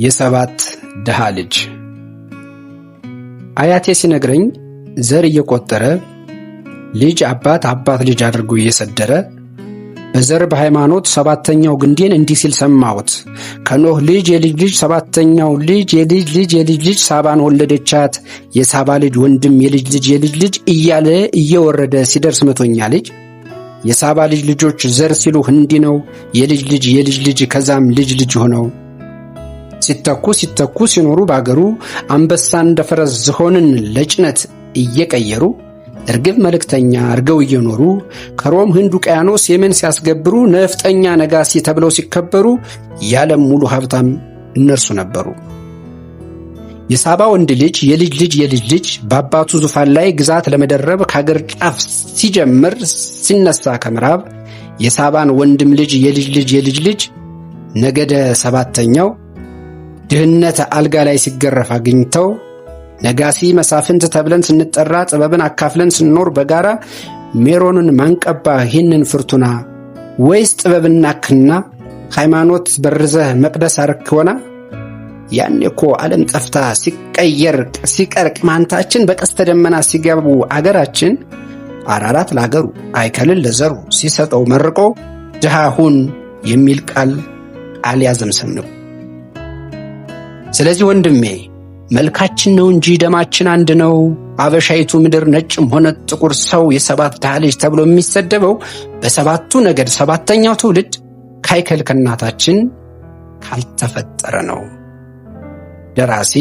የሰባት ድሃ ልጅ አያቴ ሲነግረኝ ዘር እየቆጠረ ልጅ አባት አባት ልጅ አድርጎ እየሰደረ በዘር በሃይማኖት ሰባተኛው ግንዴን እንዲህ ሲል ሰማሁት። ከኖህ ልጅ የልጅ ልጅ ሰባተኛው ልጅ የልጅ ልጅ የልጅ ልጅ ሳባን ወለደቻት። የሳባ ልጅ ወንድም የልጅ ልጅ የልጅ ልጅ እያለ እየወረደ ሲደርስ መቶኛ ልጅ የሳባ ልጅ ልጆች ዘር ሲሉ እንዲህ ነው የልጅ ልጅ የልጅ ልጅ ከዛም ልጅ ልጅ ሆነው ሲተኩ ሲተኩ ሲኖሩ ባገሩ አንበሳ እንደ ፈረስ ዝሆንን ለጭነት እየቀየሩ እርግብ መልእክተኛ አርገው እየኖሩ ከሮም ህንድ ውቅያኖስ የመን ሲያስገብሩ ነፍጠኛ ነጋሲ ተብለው ሲከበሩ ያለም ሙሉ ሀብታም እነርሱ ነበሩ። የሳባ ወንድ ልጅ የልጅ ልጅ የልጅ ልጅ በአባቱ ዙፋን ላይ ግዛት ለመደረብ ከአገር ጫፍ ሲጀምር ሲነሳ ከምዕራብ የሳባን ወንድም ልጅ የልጅ ልጅ የልጅ ልጅ ነገደ ሰባተኛው ድህነት አልጋ ላይ ሲገረፍ አግኝተው ነጋሲ መሳፍንት ተብለን ስንጠራ ጥበብን አካፍለን ስንኖር በጋራ ሜሮንን ማንቀባ ይህንን ፍርቱና ወይስ ጥበብና ክና ሃይማኖት በርዘህ መቅደስ አርክ ሆና ያኔ እኮ ዓለም ጠፍታ ሲቀየር ሲቀርቅ ማንታችን በቀስተ ደመና ሲገቡ አገራችን አራራት ላገሩ አይከልን ለዘሩ ሲሰጠው መርቆ ድሃሁን የሚል ቃል አልያዘም ሰምነው። ስለዚህ ወንድሜ መልካችን ነው እንጂ ደማችን አንድ ነው። አበሻይቱ ምድር ነጭም ሆነ ጥቁር ሰው የሰባት ድሃ ልጅ ተብሎ የሚሰደበው በሰባቱ ነገድ ሰባተኛው ትውልድ ካይከል ከእናታችን ካልተፈጠረ ነው። ደራሲ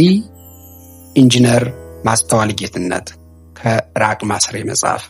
ኢንጂነር ማስተዋል ጌትነት ከራቅ ማስሬ መጽሐፍ